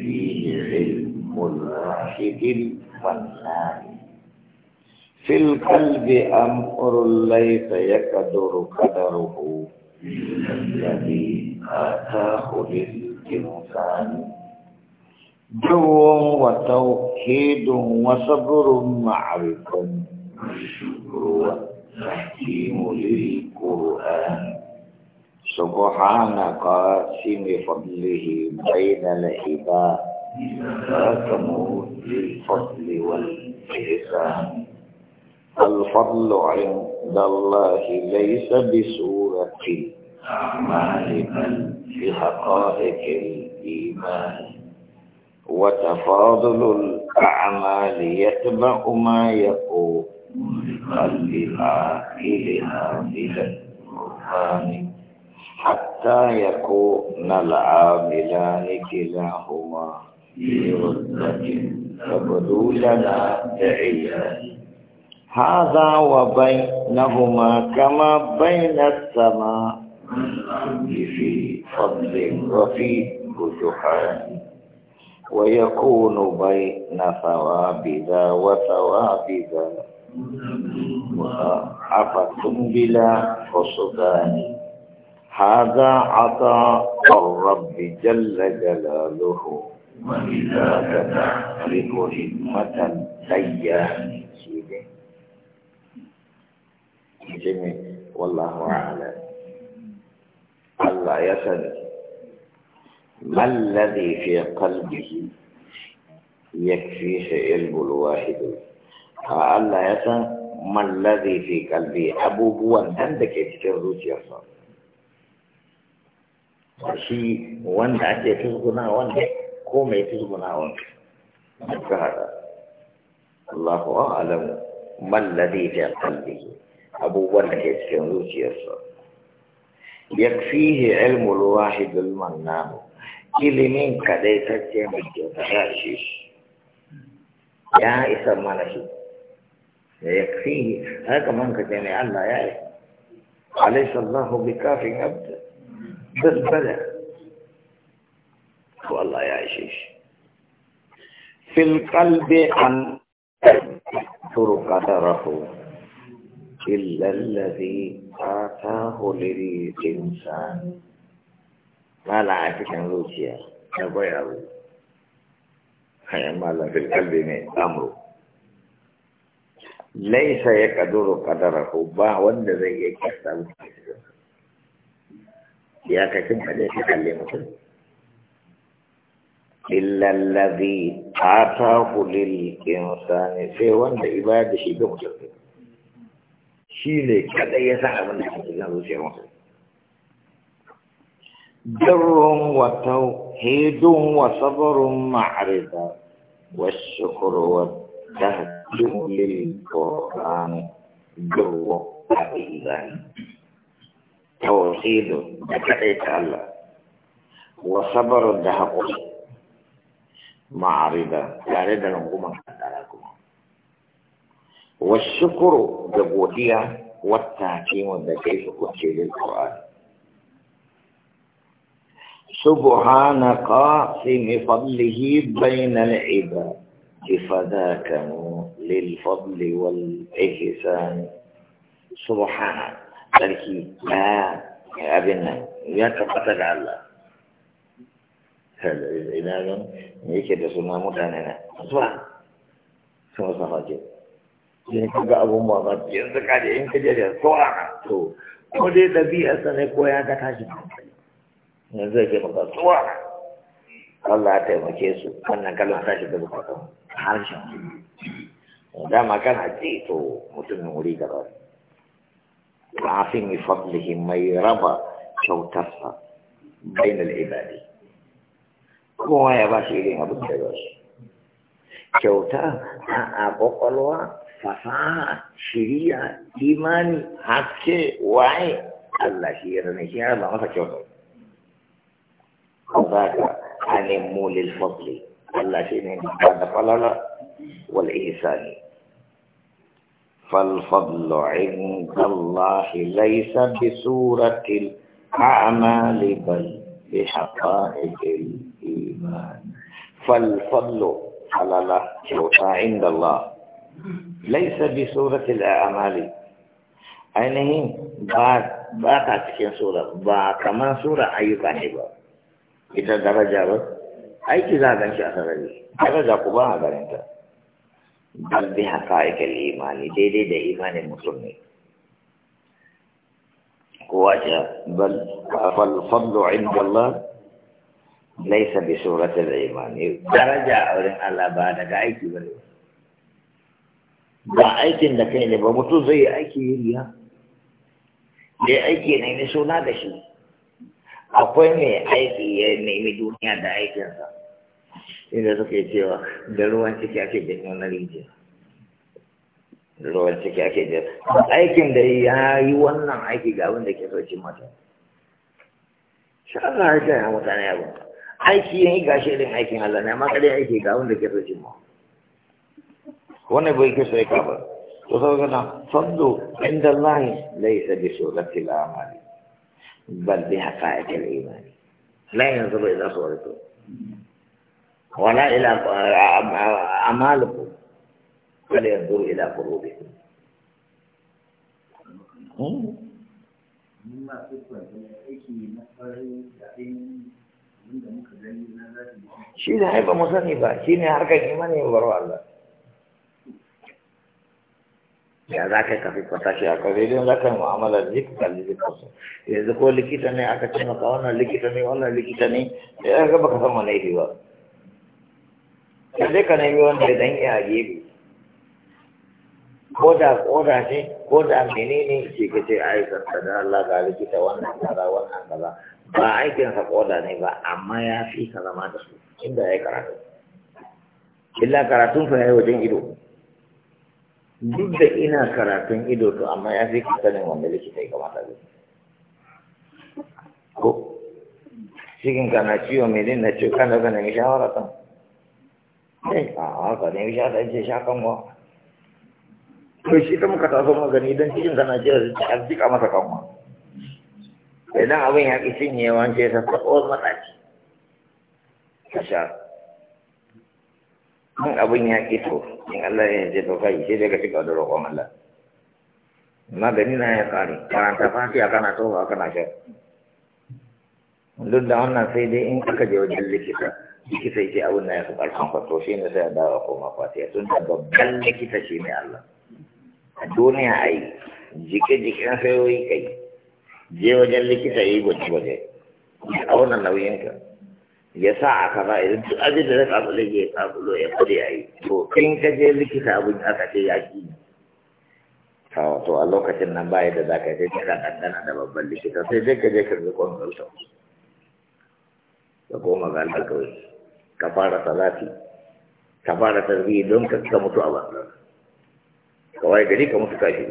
فيه علم الراشد والنار في القلب أمر ليس يقدر قدره الذي آتاه للإنسان جو وتوكيد وصبر الكون والشكر والتحكيم للقرآن سبحان قاسم فضله بين العباد تموت للفضل والإحسان الفضل عند الله ليس بصورة أعمال بل بحقائق الإيمان وتفاضل الأعمال يتبع ما يقول لقلب العاقل من القرآن حتى يكون العاملان كلاهما في ردة تبدو لنا دعيان هذا وبينهما كما بين السماء في فضل وفي رجحان ويكون بين ثواب ذا وثواب ذا وعفة بلا حسبان هذا عطاء الرب جل جلاله وإذا تحرك همة سيده جميع والله أعلم الله يسأل ما الذي في قلبه يكفيه علم الواحد الله يسأل ما الذي في قلبه أبوه وأنت كيف ترضي يا صاحبي shi wanda ake tuzguna wanda ko mai tuzguna wanda duka hada Allahu a'lam man ladhi fi qalbihi abubuwan da ke cikin zuciyarsa yakfihi ilmu alwahid almannan ilimin kadai tace mai kyauta ya shi ya isa mana shi yakfihi haka man kace ne Allah ya yi alaysa Allahu bikafin abda بس بدا والله يا عشيش في القلب أن ترك تره إلا الذي آتاه إنسان ما لا عافيك عن روسيا يا أبو هيا ما لا في القلب من أمره ليس يقدر قدره با وند زي يكسب ya kacin kaje ka kalle mutum illa allazi atahu lil insani sai wanda ibada shi ga mutum shi ne kadai ya san abin da ke cikin zuciyar mutum درهم وتوحيد وصبر مع رضا والشكر والتهجم للقرآن جر الإيمان توحيد بكأيك الله وصبر الدهق معرضة تعرض لنقوم حداركم والشكر ببودية والتحكيم بكيف كنت للقرآن سبحان قاسم فضله بين العباد فذاك للفضل والإحسان سبحانك sarki na abin nan ya tabbata ga Allah ina nan me yake da suna mutane na zuwa sun wasa fage yin kaga abun ba yanzu zaka da yin kajiyar da tsohara to ko dai ɗabi'arsa ne ko ya ga tashi yanzu zai ke maka tsohara Allah ya taimake su wannan kalin tashi da bukatan harshen dama kan ce to mutumin wuri gaba العظيم فضله ما يربى شوترها بين العباد هو يا باشي لي ابو تشوش شوتا ابو قلوا فصا شريا ايمان حق واي الله شيرنا شيرنا ما فكرت ذاك عن مول الفضل الله شيرنا هذا فلا والإحسان فالفضل عند الله ليس بسورة الأعمال بل بحقائق الإيمان فالفضل على الله عند الله ليس بسورة الأعمال أنه بعد بعد تكين سورة بعد كمان سورة أي أيوة كاتب إذا درجة أي كذا دنيا سرني درجة كبار هذا bal bi haqa'iqil imani daidai da imanin mutum ne kowa ce bal fal fadlu inda Allah laysa bi daraja a wurin Allah daga aiki ba ba aikin da kai ne ba mutum zai yi aiki yi ya dai aiki ne ne suna da shi akwai mai aiki ya nemi duniya da aikinsa inda suke cewa da ruwan ciki ake janyo na rijiya ruwan ciki ake janyo aikin da ya yi wannan aiki ga abin da ke soci mata sha'ala ya gaya mutane abu aiki yin ga shirin aikin Allah ne amma kare aiki ga abin da ke soci ma wannan bai kisa ya kaba to sau gana fadlo inda Allah laisa bi suratil amali bal bi haqa'iqil imani la yanzuru ila suratihi wala ila amalukum kada yanzuru ila qulubikum hmm? mun ma aiki na farin da shi ne ai ba mu sani ba shi ne harkar imanin baro Allah ya za ka kafi kwata shi a kare don za ka yi mu'amalar likita likitansu yanzu ko likita ne aka ce maka wannan likita ne wannan likita ne ya ga baka san wani ba ka je ka nemi wanda ya dan iya gefe ko da koda ce ko da menene ce ka ce ai sarka da Allah ga likita wannan kaza wannan kaza ba aikin sa koda ne ba amma ya fi ka zama da su inda ya karatu illa karatun fa yayi wajen ido duk da ina karatun ido to amma ya fi ka sanin wanda likita ya kamata ne ko cikin kana ciwo menene na ciwo kana ganin shawara kan Eh a haka ne sha ta ce sha kanwa to shi ta muka taso magani don cikin kana ce a jika masa kanwa idan abin ya ƙi cinye wance ta taɓo matsaci ka sha in abin ya ƙi to in Allah ya ce to kai sai ka cika da roƙon Allah magani na ya ƙare karanta fatiya kana tofa kana sha duk da wannan sai dai in aka je wajen likita likita yake abin na ya fi ƙarfin kwato shi ne sai ya dawo koma fatiya tun da babban likita shi ne Allah a duniya a yi jike-jiken sayoyi kai je wajen likita ya yi gwaje-gwaje ya auna nauyinka ya sa a kaza idan duk abin da zaka abu ya kabulo ya kudi a yi to in ka je likita abin aka ce ya ki to a lokacin nan baya da zaka je ka ɗanɗana da babban likita sai dai ka je ka zai kwan ka koma ga alƙalƙawai ka fara salati ka fara tarbiyyar don ka ka mutu a Ka waye gari ka mutu kashi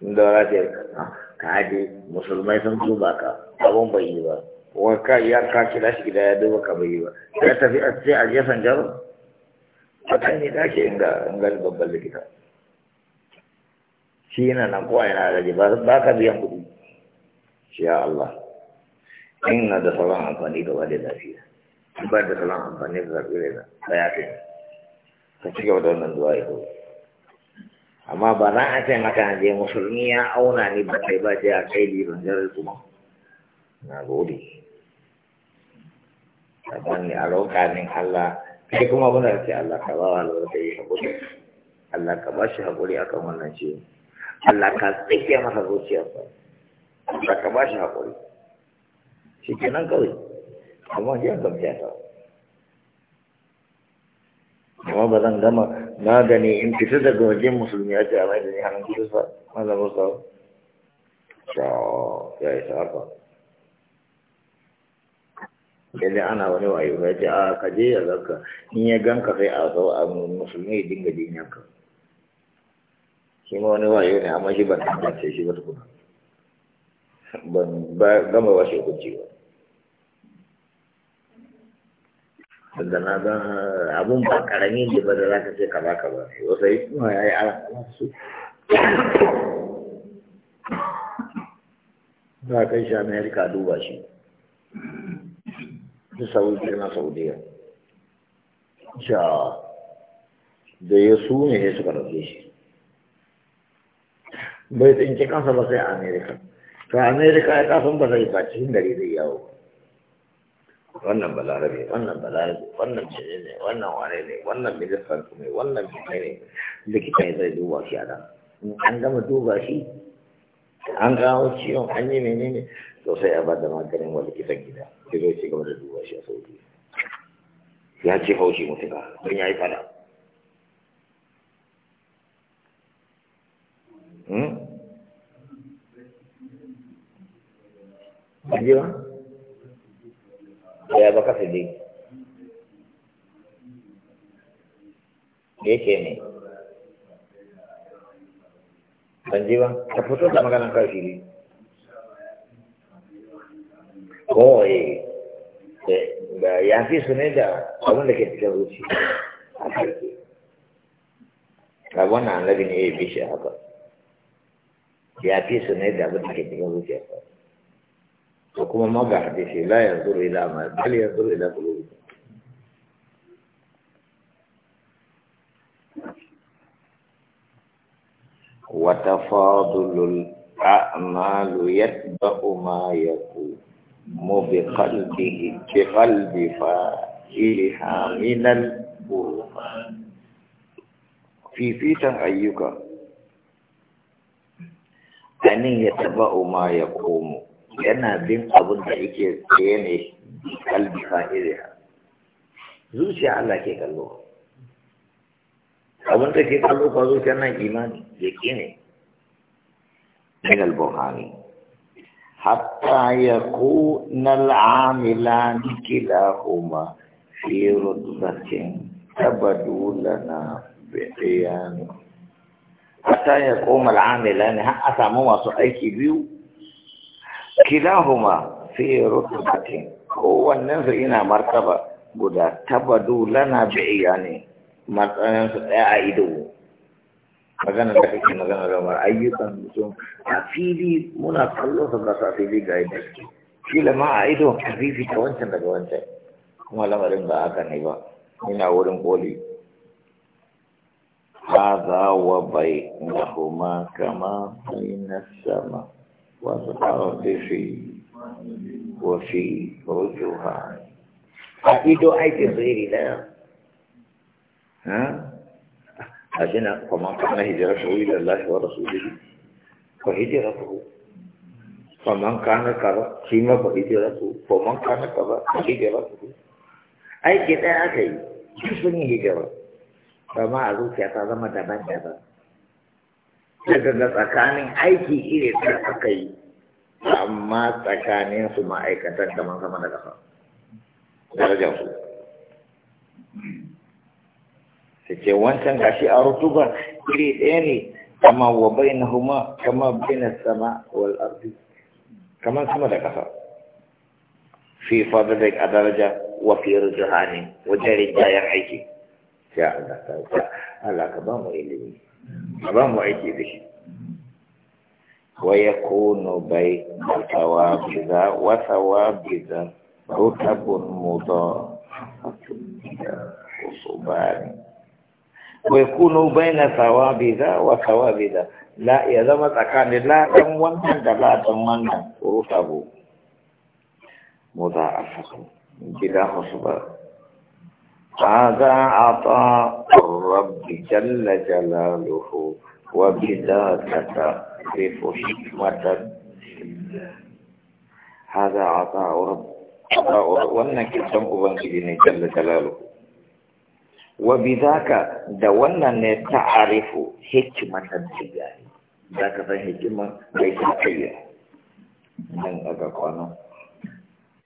inda rafiyar ah, ka je musulmai sun tuba ka abin bai yi ba wani ka ya ka kira shi gida ya duba ka bai yi ba ya tafi a sai a je sanjar a kan ne dace inga inga babban likita shi yana nan ko yana gaji ba ka biyan kuɗi shi ya Allah ina da sauran amfani gaba da lafiya ba da salam amfani da zaɓi rena da ya fi ka ci gaba da wannan zuwa ya zo amma ba za a ce maka je musulmi ya auna ni ba kai ba ce a kai liban jarar kuma na gode saban ne a roƙa min Allah kai kuma muna ce Allah ka ba wa albarka yi haƙuri Allah ka ba shi haƙuri akan wannan ce Allah ka tsike masa zuciyarsa Allah ka ba shi haƙuri shi kenan kawai amma ya gamsa ta ba zan gama magani in fita daga wajen musulmi a ce a mai da ni hannun kudu sa malam ya isa haka yadda ana wani wayo ya ce a ah, kaje ya zaka in ya ganka sai a ah, musulmi ya dinga jinyanka shi wani wayo ne amma shi ban tabbace shi ba ban gama ba tunda na ga abun ba karami ne ba da za ka ce ka ba ka ba wasu yi kuma ya yi alaƙa su za kai shi amerika duba shi su saudi na saudiya sha da ya su ne ya suka ɗauke shi bai tsinci kansa ba sai amerika ta amerika ya kasan ba zai ba cikin gari zai yawo wannan balarabe wannan balarabe wannan mene ne wannan ware ne wannan ministan ku ne wannan mene ne likita ne zai duba shi a an gama duba shi an gawo ciwon an yi mene ne sosai a bada maganin wani kisa gida sai zai ci gaba da duba shi a sauki ya ce haushi mutuka don ya yi fada hmm? Ajiwa? ya baka sidi yake ne ban ji ba ta fito da maganan kan fili kawai eh, eh, da ya fi su ne da abin da ke cikin zuci a wannan annabi ne ya yi haka ya fi su ne da abin da ke cikin zuci haka حكم ما بعد شيء لا ينظر إلى ما بل ينظر إلى قلوبهم وتفاضل الأعمال يتبع ما يقوم بقلبه بقلب فائلها من البرهان في في أيك أن يتبع ما يقوم yana bin abin da yake tsaye ne kalbi fa'iriya zuciya Allah ke kallo abin da ke kallo kwa zuciya nan imani ya ke ne min buhari hatta ya ku na al'amila nikila kuma fi rutsakin tabadu lana bi'iyanu hatta ya koma al'amila ne har a samu masu aiki biyu kilahuma fi rutubatin kowannen su ina martaba guda tabadu lana bi'iya ne matsayin a ido magana da kake magana da mar ayyukan mutum a fili muna kallo su ga sa fili ga ido kila ma a ido a fifi ta wancan daga wancan kuma lamarin ba haka ne ba ina wurin koli kuma وبينهما كما na sama. وتعرف في وفي رجوها فإدو أي تصغير لا ها أجنا فما كان هجرته إلى الله ورسوله فهجرته فمن كان كذا فيما فهجرته فمن كان كذا فهجرته أي كده أكيد شو سني هجرة فما أقول كذا ما تبان تبان daga da tsakanin aiki iri da aka yi amma tsakanin su ma'aikatan kamar sama da ƙasa darajar su ta ce wancan gashi a rutuba iri ɗaya ne kama wa bai na huma kama bai na sama wal arzi kamar sama da ƙasa fi fadadai a daraja wa fi rujahani wajen rinjayen aiki ya Allah ta ta Allah ka ba mu ilimi ka ba mu aiki da shi wa yakunu bai tawabiza wa tawabiza rutabun mudar kusuban wa yakunu baina tawabiza wa tawabiza la ya zama tsakanin la dan wannan da la dan wannan rutabu mudar afakum gida kusuban هذا عطاء الرب جل جلاله وبذاك تعرف حكمة هذا عطاء رب wannan kirtan ubangiji ne jalla jalalu wa bidaka da wannan ne ta'arifu hikmatan tijani zaka san hikima mai tsayya nan aga kwana